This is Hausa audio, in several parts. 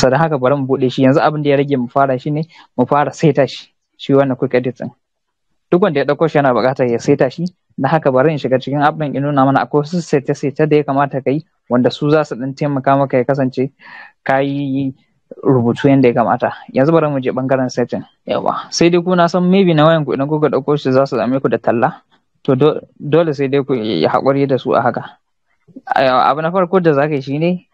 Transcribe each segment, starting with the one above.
so da haka bari mu bude shi yanzu abin da ya rage mu fara shi ne mu fara saita shi shi wannan quick edit din duk wanda ya dauko shi yana buƙatar ya saita shi da haka bari in shiga cikin app din in nuna mana akwai su saita saita da ya kamata kai wanda su za su din taimaka maka ya kasance ka yi rubutu yanda ya kamata yanzu bari mu je bangaren setting yawa sai dai ku na san maybe na wayan ku idan kuka dauko shi za su zame ku da talla to dole sai dai ku yi haƙuri da su a haka Eh, abu na farko da zaka yi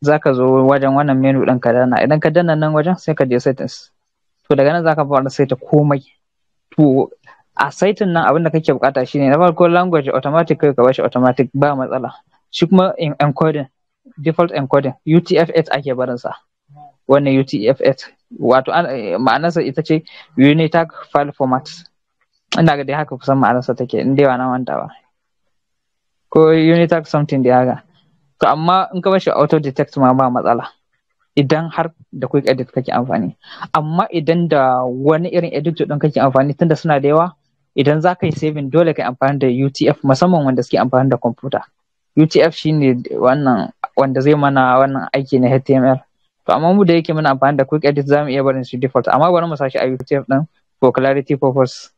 za ka zo wajen wannan menu ɗin ka danna idan ka danna nan wajen sai ka je settings to daga nan za ka fara saita komai to a saitin nan abin da kake bukata shine na farko language automatic kai ka bashi automatic ba matsala shi kuma encoding default encoding UTF-8 ake barinsa wannan UTF-8 wato eh, ma'anarsa ita ce Unitag file format ina ga dai haka kusan ma'anarsa take in dai ba na wanda ba ko unitax something da haka to amma in ka bashi auto detect ma ba matsala idan har da quick edit kake amfani amma idan da wani irin edit din kake amfani tunda suna da yawa idan za ka yi saving dole ka yi amfani da UTF musamman wanda suke amfani da kwamfuta UTF shine wannan wanda zai mana wannan aiki na HTML to amma mu da yake muna amfani da quick edit zamu iya barin shi default amma bari mu sashi a UTF din for clarity purpose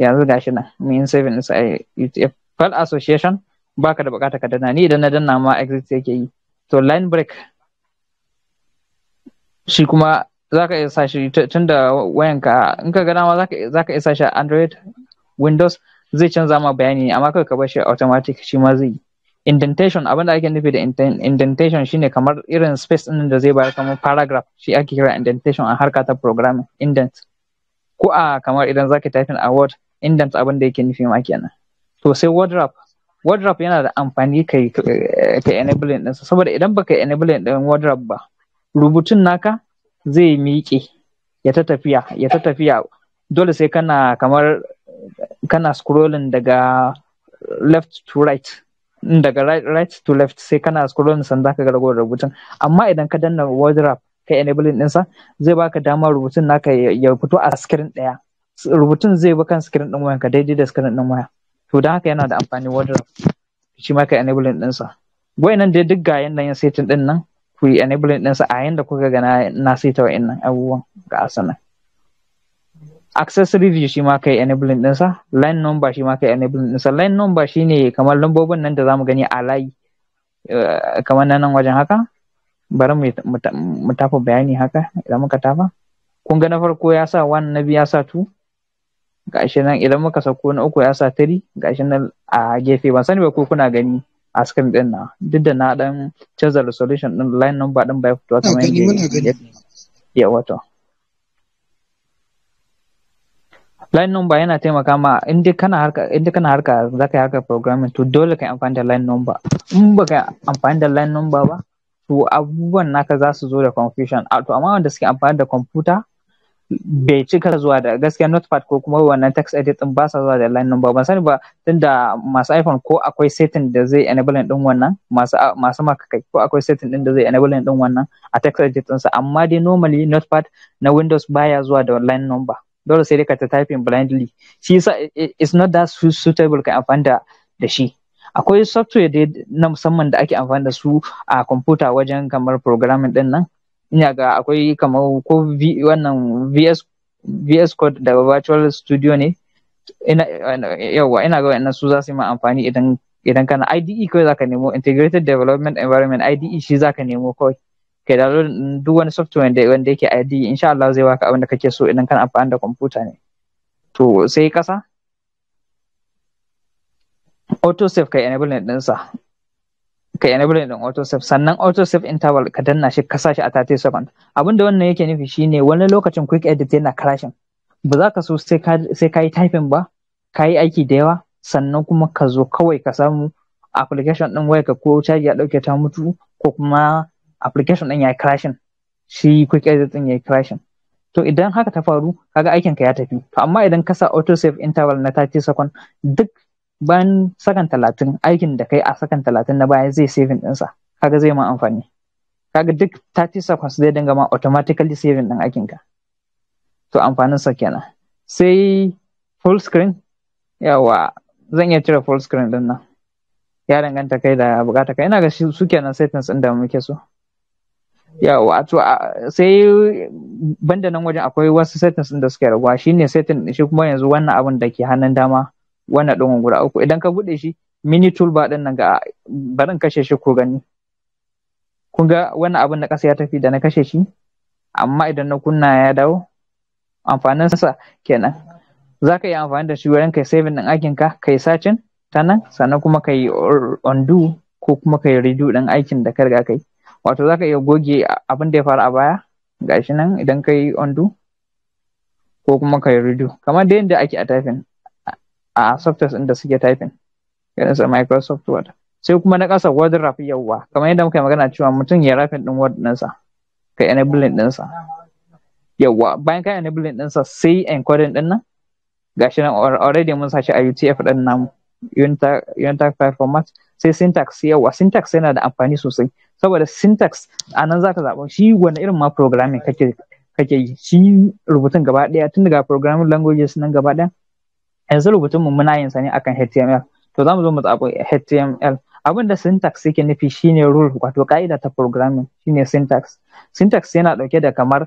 yanzu gashi nan mu yi saving din a UTF file association baka da bukata ka dana ni idan na danna ma exit yake yi to line break shi kuma zaka iya sashi tunda wayanka in ka ga dama zaka zaka iya sashi android windows zai canza ma bayani amma kai ka bar shi automatic shi ma zai indentation abin da ake nufi da indentation shine kamar irin space din da zai bayar kamar paragraph shi ake kira indentation a harka ta programming indent ko a kamar idan zaka in a word indent abin da yake nufi ma kenan to sai word wrap wardrobe yana da amfani ka ka enabling ɗinsa saboda idan baka enabling ɗin wardrobe ba rubutun naka zai miƙe ya ta tafiya ya ta tafiya dole sai kana kamar kana scrolling daga left to right daga right, right to left sai kana scrolling sanda ka gargo rubutun amma idan ka danna wardrobe ka enabling ɗinsa zai baka damar rubutun naka ya fito a screen ɗaya rubutun zai bi kan screen ɗin wayanka daidai da screen ɗin waya to da haka yana da amfani wardrobe shi ma kai enabling ɗinsa nan dai duk ga yanda yin setting din nan ku yi enabling ɗinsa a yanda kuka gana na seta wa'annan abubuwan ga asana. accessory view shi ma kai enabling ɗinsa line number shi ma kai enabling ɗinsa line number shi ne kamar lambobin nan da zamu gani a layi eh, kamar nan wajen haka bari mu tafa bayani haka idan muka tafa kun ga na farko ya sa 1 na biyu ya sa 2 gashi nan idan muka sauko na uku ya sa tiri gashi nan a gefe ban sani ba ko kuna gani a screen din na duk da na dan canza resolution din line number din bai fito kamar yadda ya wato line number yana taimaka ma inda kana harka inda kana harka zaka yi harka programming to dole ka amfani da line number in baka amfani da line number ba to abubuwan naka za su zo da confusion to amma wanda suke amfani da computer bai cika zuwa da gaskiya notepad ko kuma wannan text edit din ba sa zuwa da line number ban sani ba tunda masu iphone ko akwai setting da zai enable din wannan masu masu kai ko akwai setting din da zai enable din wannan a text edit din sa amma dai normally notepad na windows baya zuwa da line number dole sai dai ka ta typing blindly shi yasa it's not that suitable ka amfani da da shi akwai software dai na musamman da ake amfani da su a computer wajen kamar programming din nan ina ga akwai kamar ko wannan vs vs code da virtual studio ne ina yawa ina ga wannan su za su yi amfani idan idan kana IDE kawai zaka nemo integrated development environment IDE shi zaka nemo kawai kai da duk wani software da wanda yake IDE insha Allah zai baka abin da kake so idan kana amfani da computer ne to sai kasa save kai din ɗinsa ka din autosave sannan autosave interval ka danna shi ka sashi a 30 second abin da wannan yake nufi shine wani lokacin quick edit yana crashing ba za ka so sai ka yi typing ba ka yi aiki da yawa sannan kuma ka zo kawai ka samu application ɗin waya ka ko caji ya ɗauke ta mutu ko kuma application ɗin ya crashing shi quick edit ɗin ya crashing to idan haka ta faru kaga aikin ka ya tafi to amma idan ka sa autosave interval na 30 second duk bayan sakan talatin aikin da kai a sakan talatin na baya zai saving ɗinsa kaga zai ma amfani kaga duk 30 seconds zai dinga ma automatically saving ɗin aikin ka to amfanin sa kenan sai full screen yawa zan iya cire full screen din nan ya danganta kai da bukata kai ina ga su kenan settings ɗin da muke so yawa to sai banda nan wajen akwai wasu settings ɗin da suke raguwa shine setting shi kuma yanzu wannan abin da ke hannun dama wannan ɗin guda uku idan ka buɗe shi mini toolbar ɗin nan ga barin kashe shi ko gani kun ga wannan abin na ƙasa ya tafi da na kashe shi amma idan na kunna ya dawo amfanin sa kenan za ka yi amfani da shi wurin kai saving ɗin aikin ka kai sacin ta nan sannan kuma ka yi undo ko kuma ka yi redo ɗin aikin da ka riga kai wato za ka iya goge abin da ya faru a baya gashi nan idan ka yi undo ko kuma ka yi redo kamar da yadda ake a tafin a softwares ɗin da suke typing irin sa Microsoft Word sai kuma na ƙasa word wrap yawwa kamar yadda muka magana cewa mutum ya rafin ɗin word ɗinsa ka enabling ɗinsa yawwa bayan ka enabling ɗinsa sai encoding ɗin nan gashi nan already mun shi a UTF din namu unitag file format sai syntax yawa syntax yana da amfani sosai saboda syntax a nan zaka zaɓa shi wani irin ma programming kake kake yi shi rubutun gaba daya tun daga programming languages nan gaba daya yanzu rubutun mu muna yin sa ne akan HTML to za mu zo mu tsabo HTML abin da syntax yake nufi shine rule wato ka'ida ta programming shine syntax syntax yana dauke da kamar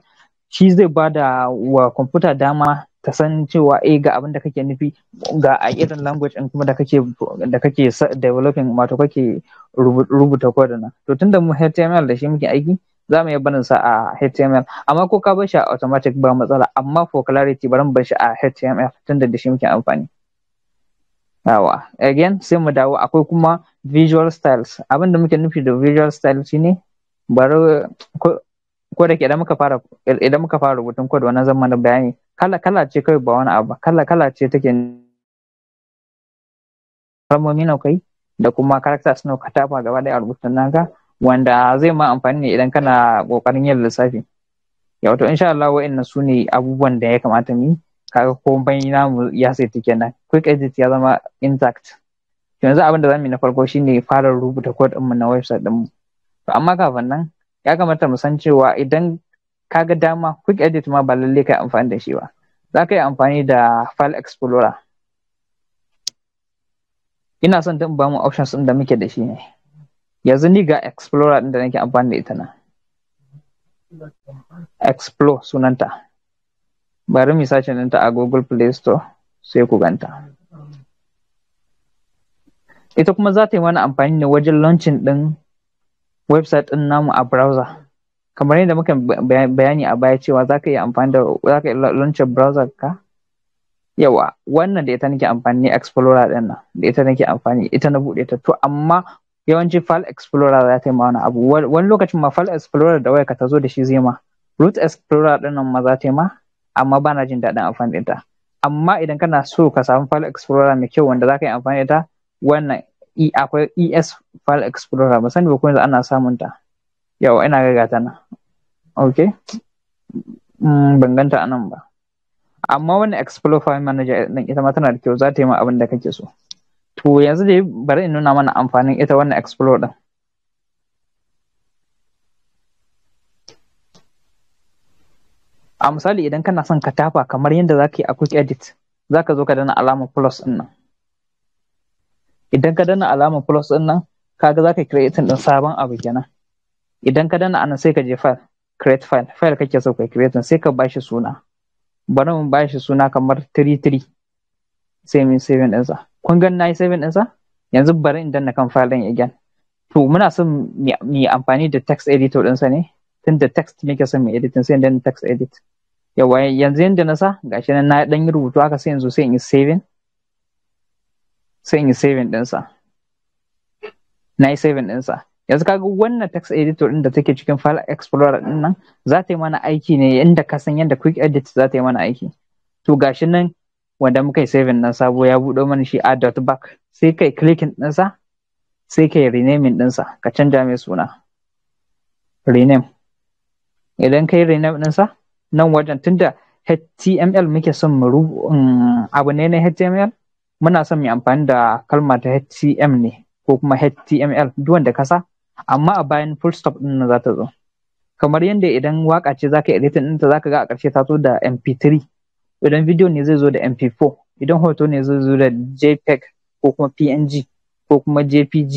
shi zai ba da wa kwamfuta dama ta san cewa eh ga abin da kake nufi ga a irin language din kuma da kake da kake developing wato kake rubuta code na to tunda mu HTML da shi muke aiki za mu iya barin sa a HTML amma ko ka bar shi a automatic ba matsala amma for clarity bari mu bar shi a HTML tunda da shi muke amfani yawa again sai mu dawo akwai kuma visual styles abin da muke nufi da visual styles shine bari ko da ke idan muka fara idan muka fara rubutun code wannan zan mana bayani kala kala ce kai ba wani abu kala kala ce take kalmomi na kai da kuma characters suna ka tafa gaba daya a rubutun naka wanda zai ma amfani ne idan kana kokarin yin lissafi ya wato insha Allah wa'annan su ne abubuwan da ya kamata mu kaga komai namu ya take kenan quick edit ya zama intact yanzu abin da zamu yi na farko shine fara rubuta code mu na website ɗinmu to amma kafin nan ya kamata mu san cewa idan kaga dama quick edit ma ba lalle kai amfani da shi ba za ka yi amfani da file explorer ina son don ba mu options ɗin da muke da shi ne yanzu ni ga explorer ɗin da nake amfani da ita na explore sunanta bari mu sace ɗinta a google play store sai ku ganta ita kuma za ta yi mana amfani ne wajen launching ɗin website din namu a browser kamar yadda muka bayani a baya cewa za ka iya amfani da za ka launch browser ka yawa wannan da ita nake amfani explorer din nan da ita nake amfani ita na buɗe ta to amma yawanci file explorer za ta yi ma wani abu wani lokacin ma file explorer da wayarka ta zo da shi zai ma root explorer din nan ma za ta yi ma amma ba na jin daɗin amfani da ita amma idan kana so ka samu file explorer mai kyau wanda za ka yi amfani da ita wannan e, akwai es file explorer ba sani ba kuma ana samun ta yawa ina ga gata nan ok mm, ban ganta anan ba amma wannan explore file manager din ita ma tana da kyau za ta yi ma abin da kake so To yanzu dai bari in nuna mana amfanin ita wannan explore ɗin. A misali idan kana son ka tafa kamar yadda za ka yi a quick edit, za ka zo ka dana alamar plus ɗin nan. Idan ka dana alamar plus ɗin nan, ka ga za ka create ɗin sabon abu kenan. Idan ka dana anan sai ka je file, create file, file kake so ka create sai ka bashi suna. Bari mu bashi suna kamar 33 sai mu saving ɗinsa. kun gan yi saving ɗinsa yanzu bari in danna kan file ya again to muna son mu amfani da text editor ɗinsa ne tun da text muke son mu editing sai danna text edit yawa yanzu yanda na sa gashi nan na dan yi rubutu haka sai yanzu sai in yi saving sai in yi saving ɗinsa na yi saving ɗinsa yanzu kaga wannan text editor din da take cikin file explorer din nan za ta yi mana aiki ne inda ka san yadda quick edit za ta yi mana aiki to gashi nan wanda muka yi saving na sabo ya buɗo mana shi back, sai kai clicking ɗinsa sai kai renaming ɗinsa ka canja mai suna rename idan kai rename ɗinsa nan wajen tunda HTML muke son mu um, abu ne na HTML muna son mu amfani da kalma ta HTM ne ko kuma HTML duk wanda ka sa amma a bayan full stop din nan za ta zo kamar yadda idan waka ce zaka yi editing ɗinta ka ga a ƙarshe ta zo da MP3 idan video ne zai zo da mp4 idan hoto ne zai zo da jpeg ko kuma png ko kuma jpg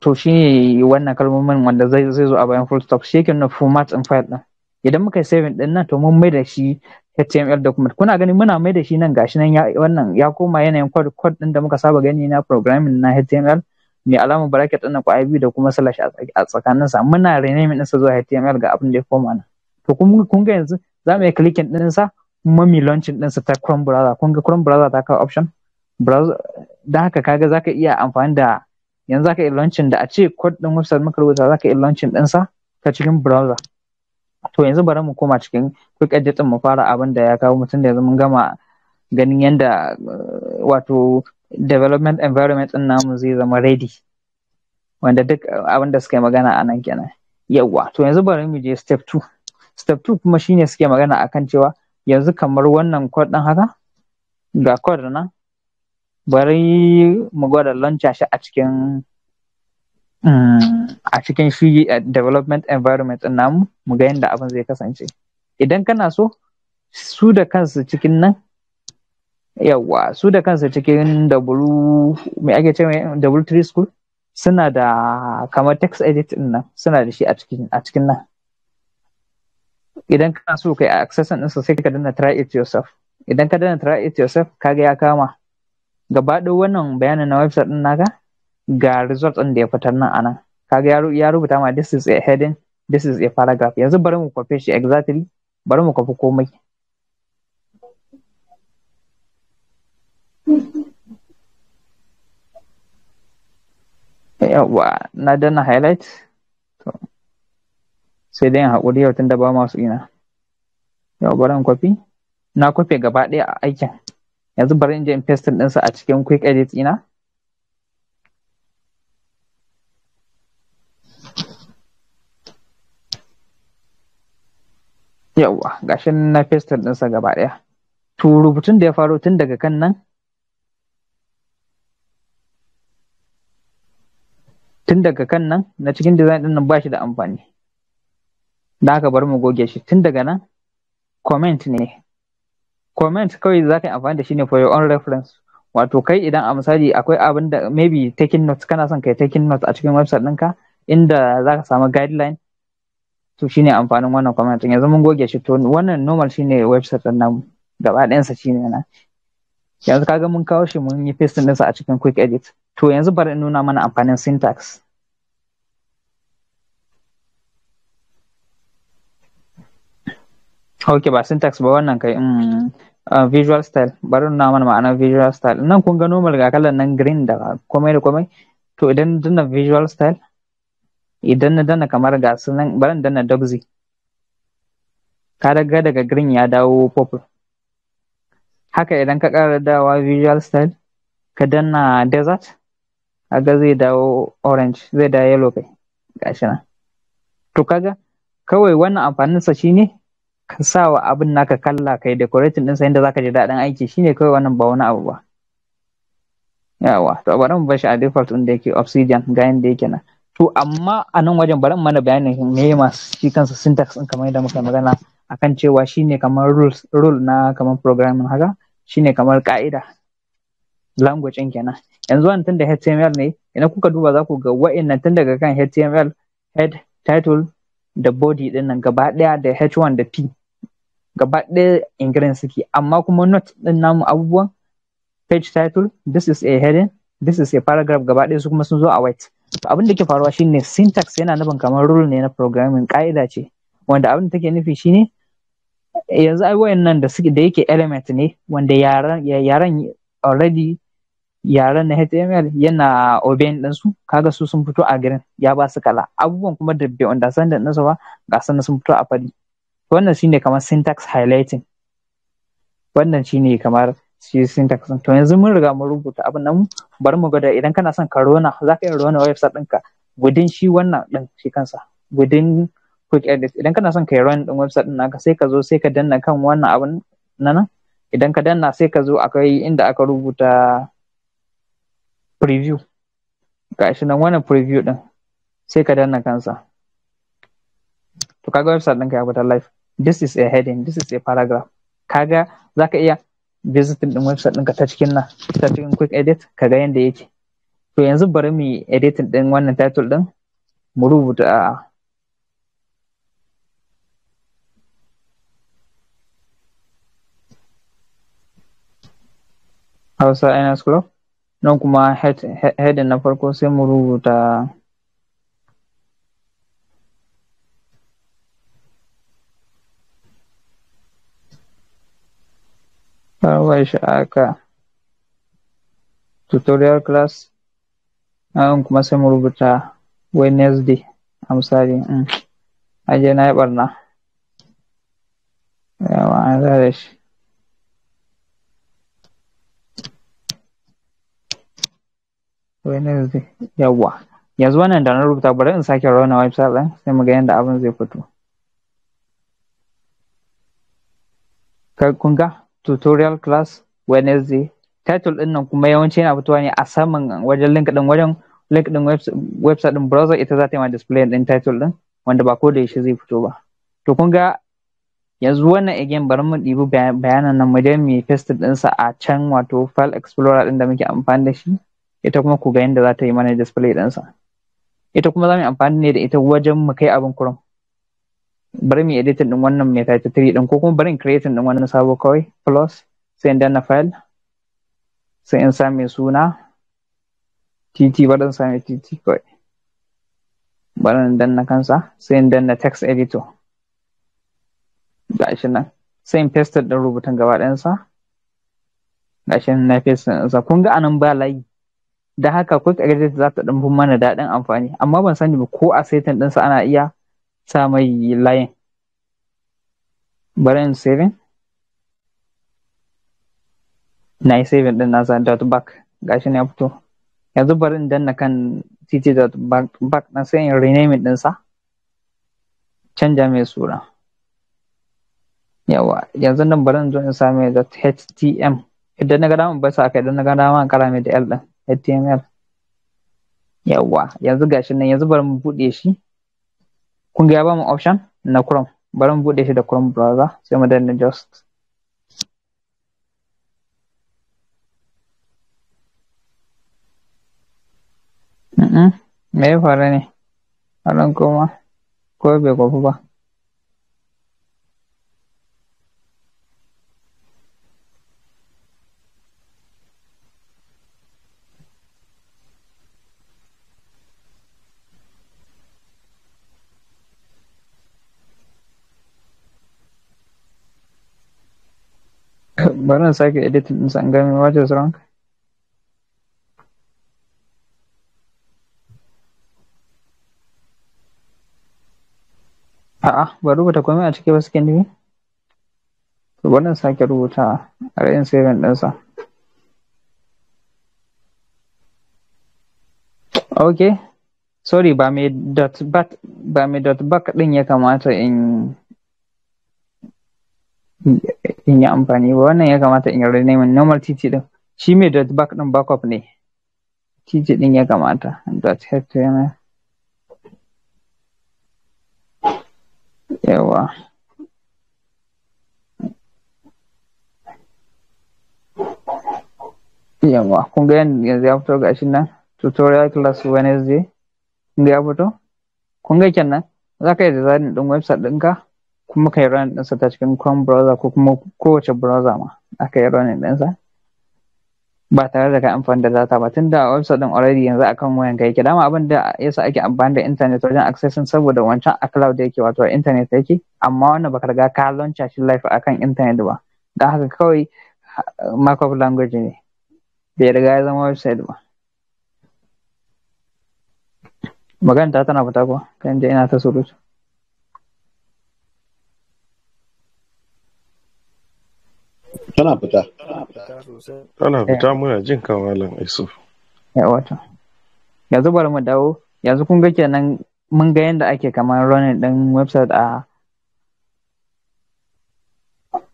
to shi ne wannan kalmomin wanda zai zo a bayan full stop shi yake nuna format in file din idan muka yi saving din nan to mun mai da shi html document kuna gani muna mai da shi nan gashi nan ya wannan ya koma yanayin code code ɗin da muka saba gani na programming na html mai alamar bracket din ko ib da kuma slash a tsakaninsa? muna renaming din sa zuwa html ga abin da ya koma nan to kun ga yanzu za mu yi clicking ɗinsa kuma mu launching ɗinsa ta Chrome browser kun ga Chrome browser ta kawo option browser don haka kaga za ka iya amfani da yanzu za ka iya launching da a ce code ɗin website muka rubuta za ka iya launching ɗinsa ta cikin browser to yanzu bari mu koma cikin quick edit ɗin mu fara abin da ya kawo mutum da yanzu mun gama ganin yadda eh, wato development environment ɗin namu zai zama ready wanda duk abin da suka yi magana a nan kenan yawwa to yanzu bari mu je step 2 step two kuma shine suke magana akan cewa yanzu kamar wannan kod din haka ga kod nan bari mu gwada launcha shi a cikin mm, a cikin shi eh, development environment din namu mu ga yadda abin zai kasance idan kana so su da kansu cikin nan yawa su da kansu cikin w mai ake ce w3 school suna da kamar text edit din nan suna da shi a cikin nan idan ka so kai access ɗinsa sai ka dana try it yourself idan ka dana try it yourself kaga ya kama gaba ɗaya wannan bayanin na website ɗin naka ga result ɗin da ya fitar nan anan kaga ya rubuta ma this is a heading this is a paragraph yanzu bari mu kwafe shi exactly bari mu kwafi komai yawa na dana highlight sai dai haƙuri yau tunda ba masu ina yau bari in kwafi na kwafe gaba ɗaya a aikin yanzu bari in je in paste ɗinsa a cikin quick edit ina yawwa gashin na paste ɗinsa gaba ɗaya to rubutun da ya faro tun daga kan nan tun daga kan nan na cikin design ɗin nan ba shi da amfani da aka bar mu goge shi tun daga nan comment ne comment kawai za ka yi amfani da shi ne for your own reference wato kai idan a misali akwai abin da maybe taking notes kana son kai taking notes a cikin website ɗinka inda za ka samu guideline to shi ne amfanin wannan comment yanzu mun goge shi to wannan normal ne website ɗin nan gaba ɗayansa shine na yanzu kaga mun kawo shi mun yi pasting ɗinsa a cikin quick edit to yanzu bari in nuna mana amfanin syntax ok ba syntax ba wannan kai mm. mm-hmm. visual style bari na mana ma'anar visual style nan kun ga normal ga kalan nan green da komai da komai to idan danna visual style idan na danna kamar ga su nan bari na danna doxy ka daga daga green ya dawo purple haka idan ka kara dawa visual style ka danna desert aga zai dawo orange zai da yellow kai gashi nan to kaga kawai wannan amfanin sa shine sawa abin naka kalla kai decorating sai inda zaka ji daɗin aiki shine kawai wannan ba wani abu ba yawa to bari mu bashi a default ɗin da yake obsidian ga yadda yake nan to amma a nan wajen bari mana bayanin me masu shi kansa syntax ɗin kamar yadda muka magana akan cewa shine kamar rules rule na kamar programming haka shine kamar ka'ida language din kenan yanzu wannan tun da HTML ne idan kuka duba za ku ga wa'annan tun daga kan HTML head title da body din nan gaba ɗaya da H1 da P gaba ɗaya ingredients suke amma kuma not ɗin namu abubuwan page title this is a heading this is a paragraph gaba ɗaya su kuma sun zo a white to abin da ke faruwa shine syntax yana nufin kamar rule ne na programming ƙa'ida ce wanda abin da take nufi shine yanzu ai wayannan da suke da yake element ne wanda yaran yaran already yaran na HTML yana obeying din su kaga su sun fito a green ya ba su kala abubuwan kuma da bai understand din ba ga sun fito a fari wannan shine kamar syntax highlighting wannan shine kamar shi syntax to yanzu mun riga mun rubuta abin nan bari mu gwada idan kana son ka rona za ka iya rona website ɗinka gudun shi wannan ɗin shi kansa gudun quick edit idan kana son ka yi run ɗin website ɗin naka sai ka zo sai ka danna kan wannan abin nan idan ka danna sai ka zo akwai inda aka rubuta preview ga shi nan wannan preview ɗin sai ka danna kansa to kaga website ɗinka ya fita live this is a heading this is a paragraph kaga zaka iya visiting din website ɗinka ta cikin nan ta cikin quick edit kaga yanda yake to yanzu bari mu editing din wannan title din mu rubuta Hausa ina Club, nan kuma heading na farko sai mu rubuta aka tutorial class nan kuma sai mu rubuta wednesday a misali aje na yi barna yawa an zara shi wednesday yawa yanzu wannan da na rubuta bari in sake rauna website ɗin sai mu ga yadda abin zai fito Kai kun ga tutorial class Wednesday. Title ɗin nan kuma yawanci yana fitowa ne a saman wajen link ɗin wajen link ɗin website ɗin browser ita za ta yi ma display ɗin title ɗin wanda ba ko da yaushe zai fito ba. To kun ga yanzu wannan again bari mu ɗibi bayanan nan mu je mu paste ɗinsa a can wato file explorer ɗin da muke amfani da shi. Ita kuma ku ga yadda za ta yi mana display ɗinsa. Ita kuma za mu yi amfani ne da ita wajen mu kai abin Chrome. bari mu editin din wannan mai title 3 din ko kuma bari in creating din wannan sabo kawai plus sai in danna file sai in sa mai suna tt bari in sa mai tt kawai bari in danna kansa sai in danna text editor gashi nan sai in paste din rubutun gaba sa gashi nan na paste ɗinsa kun ga anan ba layi da haka quick edit za ta ɗan fi mana daɗin amfani amma ban sani ba ko a din ɗinsa ana iya sa mai layin bari in saving na yi saving din nasa dot back gashi na fito yanzu bari in danna kan titi dot back na sai in renaming dinsa canja mai sura yawa yanzu nan bari in zo in same dot htm idan na ga dama bai sa kai idan na ga dama kara mai da l din html yawa yanzu gashi nan yanzu bari mu bude shi kun ga ya ba mu option na chrome bari mu bude shi da chrome browser sai mu danna just me ya faru ne a kuma ko bai kwafi ba bari na sake editin din in gane what is wrong a'a ba rubuta komai a ciki ba suke nufi to bari na sake rubuta a rayin saving ɗinsa ok sorry ba mai dot back ba mai dot back ɗin ya kamata in in yi amfani ba wannan ya kamata in yi neman normal titi din shi mai dot back din backup ne titi din ya kamata dot head to yawa yawa kun ga yanzu ya fito gashi nan tutorial class wednesday kun ga ya fito kun ga kenan za ka yi design din website ɗinka kuma ka yi din sa ta cikin Chrome browser ko kuma kowace browser ma aka yi din ɗinsa ba tare da ka amfani da data ba tun da website ɗin already yanzu akan wayan ka yake dama abin da yasa ake amfani da internet wajen accessing saboda wancan a cloud yake wato internet yake amma wannan baka riga ka launcha shi live akan internet ba dan haka kawai markup language ne bai riga ya zama website ba magana ta tana fita ko kan je ina ta surutu Tana fita. Tana eh. fita muna jin kamalan iso Ya eh, wata Yanzu bari mu dawo. Yanzu kun ga kenan mun ga yadda ake kamar running din website a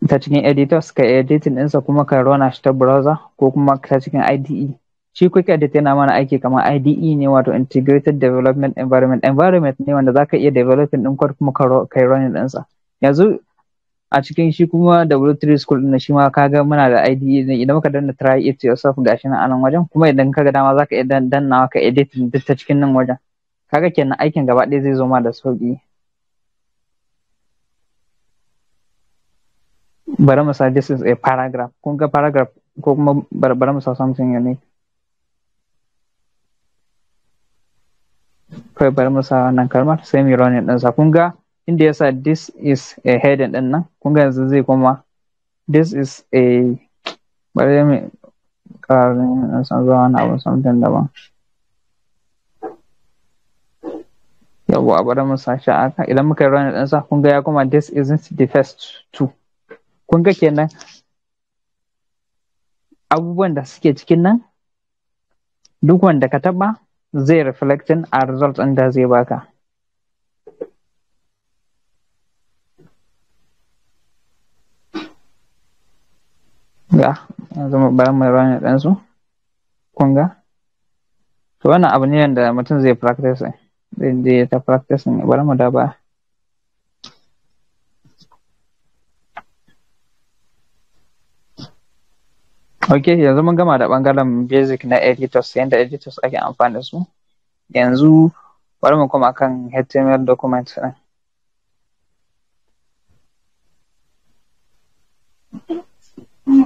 ta cikin editors ka editin ɗinsa kuma ka rona shi ta browser ko kuma ta cikin IDE. Shi quick edit yana mana aiki kamar IDE ne wato integrated development environment environment ne wanda zaka iya developing ɗin code kuma ka yi running ɗinsa. Yanzu a cikin shi kuma W3 school din shi ma kaga muna da ID idan muka danna try it yourself gashi nan anan wajen kuma idan kaga dama zaka iya danna ka edit duk ta cikin nan wajen kaga kenan aikin gaba ɗaya zai zo ma da sauki bari mu this is a paragraph kun ga paragraph ko kuma bari mu sa something ne kai bari mu sa wannan kalmar sai mu run din sa kun ga inda ya sa this is a heading din nan kun ga yanzu zai kuma this is a bari mai karin san zuwa na abu something daban yabo a bari mu sashi aka idan muka yi ranar ɗansa kun ga ya kuma this isn't the first two kun ga kenan abubuwan da suke cikin nan duk wanda ka taba zai reflecting a result ɗin da zai baka ga zama bayan mai rana ɗansu kun ga to wannan abu ne da mutum zai practice zai je ta practice ne bari mu da ba ok yanzu mun gama da bangaren basic na editors yadda editors ake amfani da su yanzu bari mu koma kan html document ɗin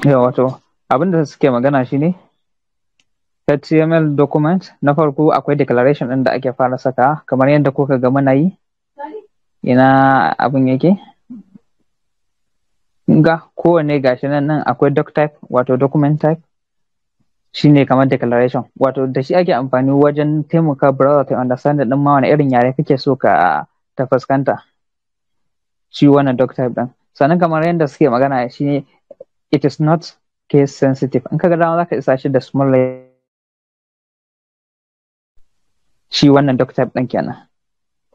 yawa wato abinda suke magana shine HTML document na farko akwai declaration ɗin da ake fara saka kamar yadda kuka ga muna yi ina abin yake ga kowane gashi nan nan akwai doc type wato document type shine kamar declaration wato da shi ake amfani wajen taimaka brother to understand din ma wani irin yare kake so ka ta fuskanta shi wannan doc type din sannan kamar yadda suke magana shine it is not case sensitive in ka ga dama zaka isa shi da small shi wannan doctor ɗin kenan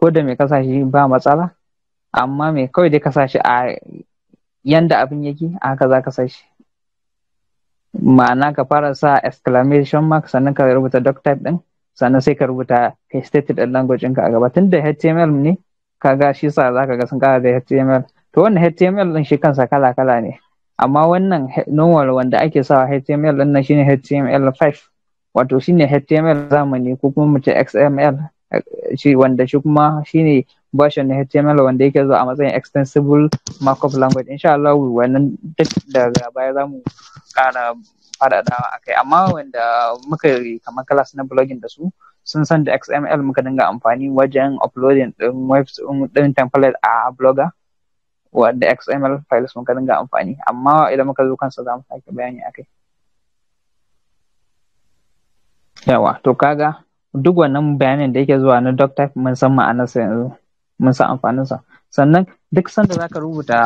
ko da mai kasa ba matsala amma mai kawai dai kasa a yanda abin yake a haka za ka sa shi ma'ana ka fara sa exclamation mark sannan ka rubuta doc type ɗin sannan sai ka rubuta ka state ɗin language ka a gaba tun da html ne ka ga shi sa za ka ga sun kara da html to wannan html din shi kansa kala kala ne amma wannan normal wanda ake sawa html din nan shine html5 wato shine html zamani ko kuma ce xml shi wanda shi kuma shine version html wanda yake zuwa a matsayin extensible markup language insha Allah wannan duk daga baya zamu mu kara faɗaɗawa akai amma wanda muka yi kamar class na blogging da su sun san da xml muka dinga amfani wajen uploading din webs din template a blogger wadda XML files muka dinga amfani amma idan muka zo kansa za mu sake bayani akai yawa to kaga duk wannan bayanin da yake zuwa na doc type mun san ma'anarsa yanzu mun san amfaninsa sannan duk sanda zaka rubuta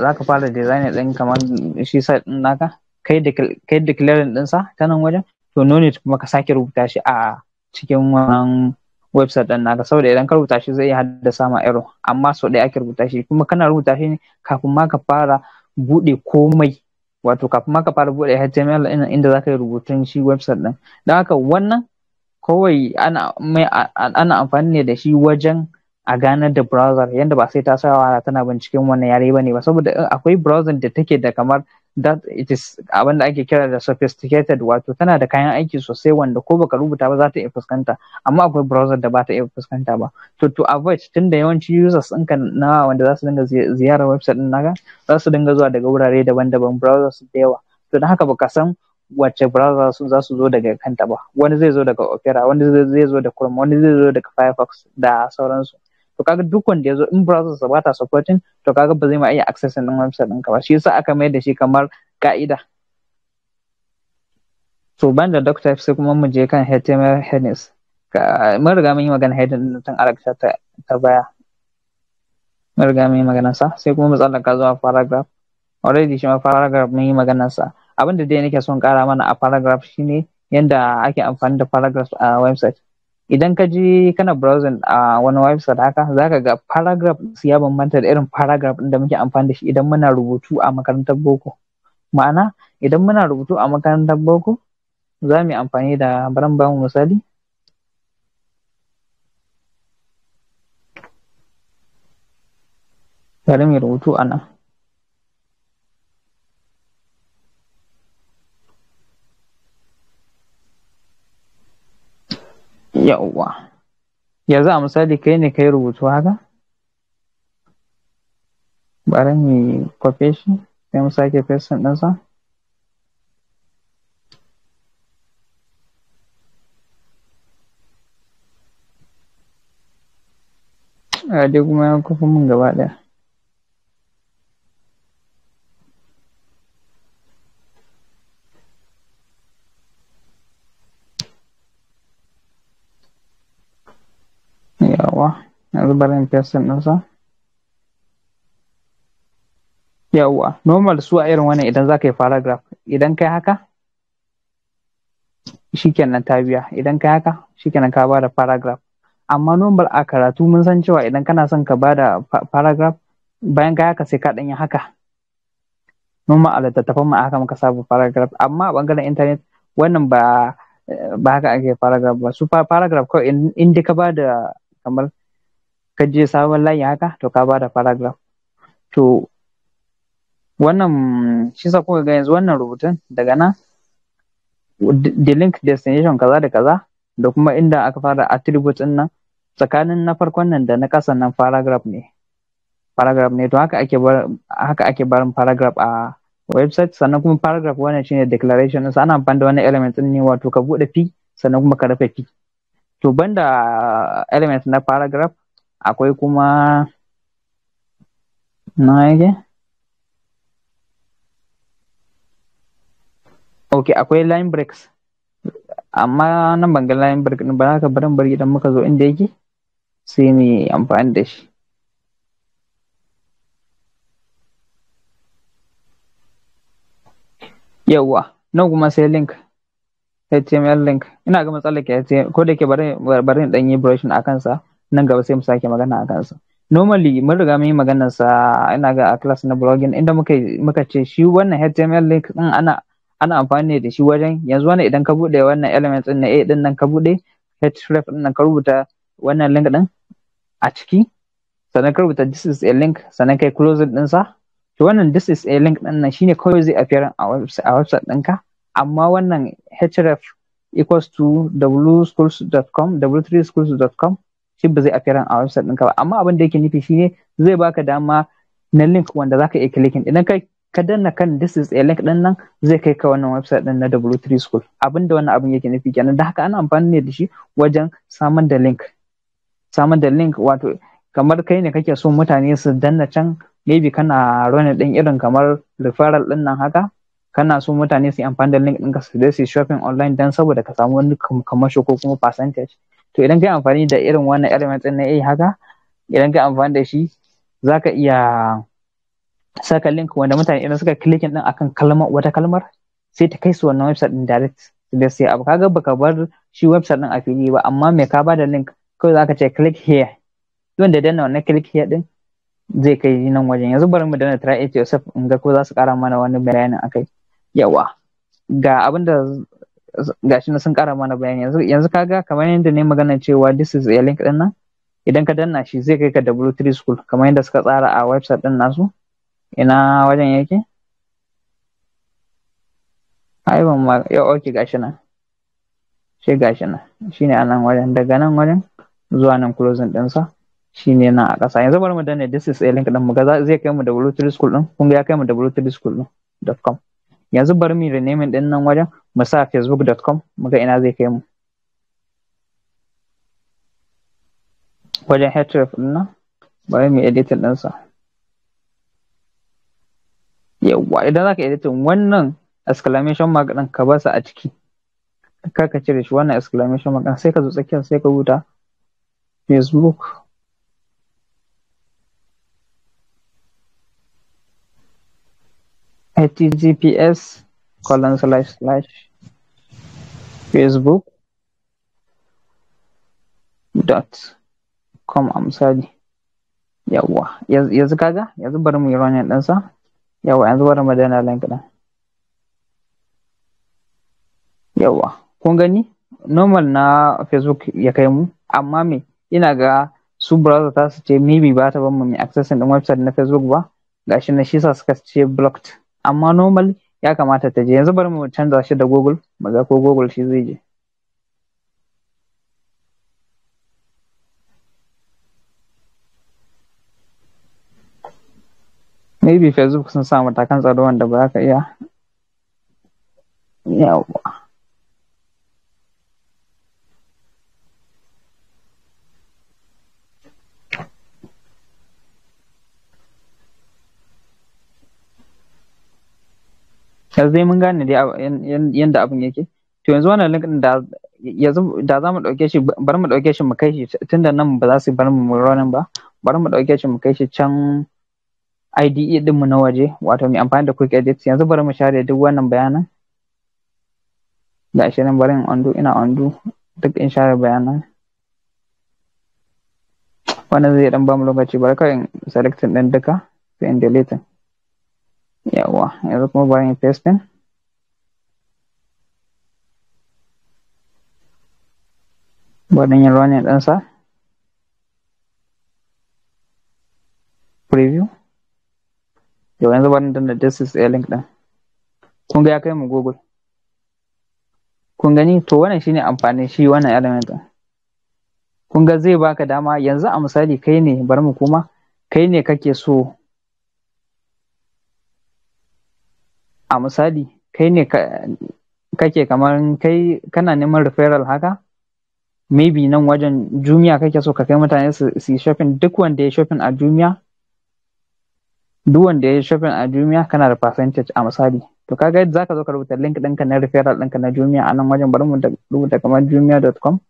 zaka fara design din kamar shi site din naka kai kai declaring din sa ta nan wajen to none kuma ka sake rubuta shi a cikin wannan website ɗin naka saboda idan ka rubuta shi zai iya haddasa ma error amma sau ɗaya ake rubuta shi kuma kana rubuta shi ne kafin ma ka fara buɗe komai wato kafin ma ka fara buɗe HTML din inda zaka yi rubutun shi website ɗin dan haka wannan kawai ana ana amfani ne da shi wajen a ganar da browser yadda ba sai ta sa tana binciken wannan yare bane ne ba saboda akwai browser da take da kamar that it is abin da ake kira da sophisticated wato tana da kayan aiki sosai wanda ko baka rubuta ba za ta iya fuskanta amma akwai browser da ba ta iya fuskanta ba to to avoid tun da yawanci users ka na wanda za su dinga ziyarar website din naka za su dinga zuwa daga wurare daban-daban browsers da yawa to don haka baka san wacce browser su za su zo daga kanta ba wani zai zo daga opera wani zai zo da chrome wani zai zo daga firefox da sauransu to kaga duk wanda ya zo in browser sa bata supporting to kaga ba zai ma iya access din website ka ba shi yasa aka mai da shi kamar ka'ida to ban da doctor type sai kuma mu je kan html headings mun riga mun yi magana heading din tun arakta ta, ta baya mun riga mun yi magana sa sai kuma mu tsalla ka zuwa paragraph already shi ma paragraph mun yi magana sa abin da dai nake son kara mana a paragraph shine yanda ake amfani da paragraph a website idan ka je kana browsing a wani website haka zaka ga paragraph su ya bambanta da irin paragraph da muke amfani da shi idan muna rubutu a makarantar boko ma'ana idan muna rubutu a makarantar boko za mu yi amfani da baran ba mu misali bari mu rubutu a nan yawwa yanzu a misali kai ne kai rubutu haka bari mu kwafe shi sai mu sake fesin ɗansa a dai kuma ya kwafi mun gaba ɗaya yanzu fesin ɗinsa yawwa normal su a irin wannan idan za ka yi paragraph idan kai haka kenan ta biya idan kai haka kenan ka bada paragraph amma normal a karatu mun san cewa idan kana son ka bada paragraph bayan kai haka sai ka ɗanyi haka normal a littattafan ma haka muka sabu paragraph amma a bangaren internet wannan ba ba eh, haka ake paragraph ba su paragraph kawai in ka ka bada kamar ka je sabon layi haka to ka bada paragraph to wannan shi sa kuka ga yanzu wannan rubutun daga nan the link destination kaza da kaza da kuma inda aka fara attribute din nan tsakanin na farkon nan da na kasan nan paragraph ne paragraph ne to haka ake bar haka ake barin paragraph a website sannan kuma paragraph wannan shine declaration sa ana amfani da wannan element din ne wato ka bude fi sannan kuma ka rufe fi to banda element na paragraph akwai kuma na yake ok akwai line breaks amma nan ban ga line break ba haka barin bari idan muka zo inda yake sai mu amfani da shi yawwa nan kuma sai link html link ina ga matsalar ko da ke bari bari dan yi brushing akan sa nan gaba sai mu sake magana a kansa normally mun riga mun yi maganar sa ina ga a class na blogging inda muka muka ce shi wannan html link din ana ana amfani da shi wajen yanzu wannan idan ka bude wannan elements din na a din nan ka bude href din nan ka rubuta wannan link din a ciki sannan ka rubuta this is a link sannan kai close din sa to wannan this is a link din nan shine kawai zai appear a website ka amma wannan href equals to wschools.com w3schools.com shi ba zai appearance a website ɗinka ba amma abin da yake nufi shine zai baka dama na link wanda zaka iya clicking idan kai ka danna kan this is a link din nan zai kai ka wannan website din na W3 School abin da wannan abin yake nufi kenan da haka ana amfani ne da shi wajen samar da link samar da link wato kamar kai ne kake so mutane su danna can maybe kana rona din irin kamar referral din nan haka kana so mutane su yi amfani da link ɗinka su dai su shopping online dan saboda ka samu wani commercial ko kuma percentage to idan kai amfani da irin wannan element din na AI haka idan kai amfani da shi zaka iya saka link wanda mutane idan suka clicking din akan kalmar wata kalmar sai ta kai su wannan website din direct da sai abu kaga baka bar shi website din a fili ba amma me ka bada link kawai zaka ce click here da danna wannan click here din zai kai nan wajen yanzu bari mu dana try it yourself in ga ko za su kara mana wani bayanin akai yawa ga abinda. gashi na sun kara mana bayani yanzu yanzu kaga kamar yadda ne magana cewa this is a link din nan idan ka danna shi zai kai ka W3 school kamar yadda suka tsara a website din nasu ina wajen yake ai ban ma ya oke gashi nan shi gashi nan shine anan wajen daga nan wajen zuwa nan closing din sa shine nan a ƙasa yanzu bari mu danna this is a link din mu ga zai kai mu W3 school din kun ga ya kai mu W3 school din .com yanzu bari mu renaming din nan wajen mu sa facebook.com mu ga ina zai kai mu wajen href din nan bari mu editing din sa yawa idan zaka editing wannan exclamation mark din ka basa a ciki ka ka cire shi wannan exclamation mark sai ka zo tsakiyar sai ka huta facebook https colon slash slash facebook dot com a misali yawa yanzu kaga yanzu bari mu yi ronin ɗansa yawa yanzu bari mu daina link ɗin yawa kun gani normal na facebook ya kai mu amma me ina ga su browser ta su ce maybe ba ta ban mu mai accessing din website na facebook ba gashi na shi sa suka ce blocked amma normal ya kamata ta je yanzu bari mu canza shi da google mu ga ko google shi zai je maybe facebook sun sa matakan tsaro wanda ba ka iya yawa yanzu dai mun gane dai yanda abin yake to yanzu wannan link da yanzu da za mu ɗauke shi bari mu ɗauke shi mu kai shi tunda nan ba za su bar mu running ba bari mu ɗauke shi mu kai shi can IDE din mu na waje wato mai amfani da quick edit yanzu bari mu share duk wannan bayanan da ashirin bari in undo ina undo duk in share bayanan wannan zai dan bamu lokaci bari ka in selecting din duka sai in delete yawa yanzu kuma bari in paste bari in running ɗinsa preview yau yanzu bari danna this is a link ɗin kun ga ya kai mu google kun gani to wannan shine amfanin shi wannan element ɗin kun ga zai baka dama yanzu a misali kai ne bari mu kuma kai ne kake so a misali kai ne kake kamar kai kana neman referral haka maybe nan wajen jumia kake so ka kai mutane su yi shopping duk wanda ya shopping a jumia duk wanda ya shopping a jumia kana da percentage a misali to kaga yadda zaka zo ka rubuta link ɗinka na referral ɗinka na jumia a nan wajen bari mu rubuta kamar jumia.com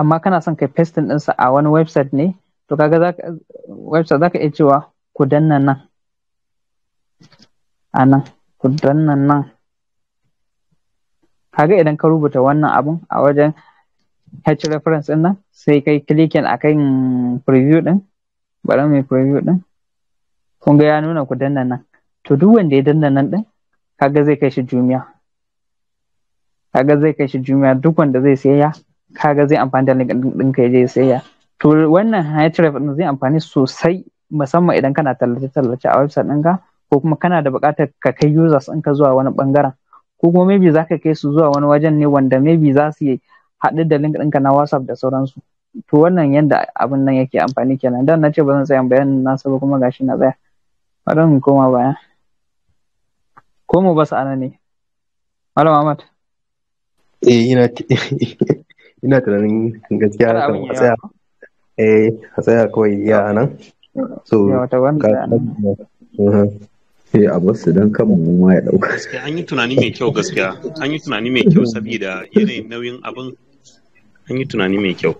amma kana son kai pasting ɗinsa a wani website ne to kaga zaka za zaka iya cewa ku danna nan a nan ku danna nan kaga idan ka rubuta wannan abun a wajen h reference din nan sai kai clicking akan preview din bari mai preview din kun ga ya nuna ku danna nan to duk wanda ya danna nan din kaga zai kai shi jumiya kaga zai kai shi jumiya duk wanda zai siya kaga zai amfani da link ɗinka ya je ya siya. to wannan href din zai amfani sosai musamman idan kana tallace-tallace a website ɗinka ko kuma kana da buƙatar ka kai users ɗinka zuwa wani ɓangaren ko kuma maybe za ka kai su zuwa wani wajen ne wanda maybe za su yi haɗu da link ɗinka na whatsapp da sauransu to wannan yadda abin nan yake amfani kenan dan na ce ba zan tsaya bayanin nasa ba kuma gashi na tsaya bari mu koma baya ko mu basu ana ne malam ahmad eh ina ina tunanin gaskiya kan tsaya eh a tsaya kawai iya nan so uhm. sai a bar su don kama mu ma ya dauka gaskiya an yi tunani mai kyau gaskiya an yi tunani mai kyau saboda yanayin nauyin abin an yi tunani mai kyau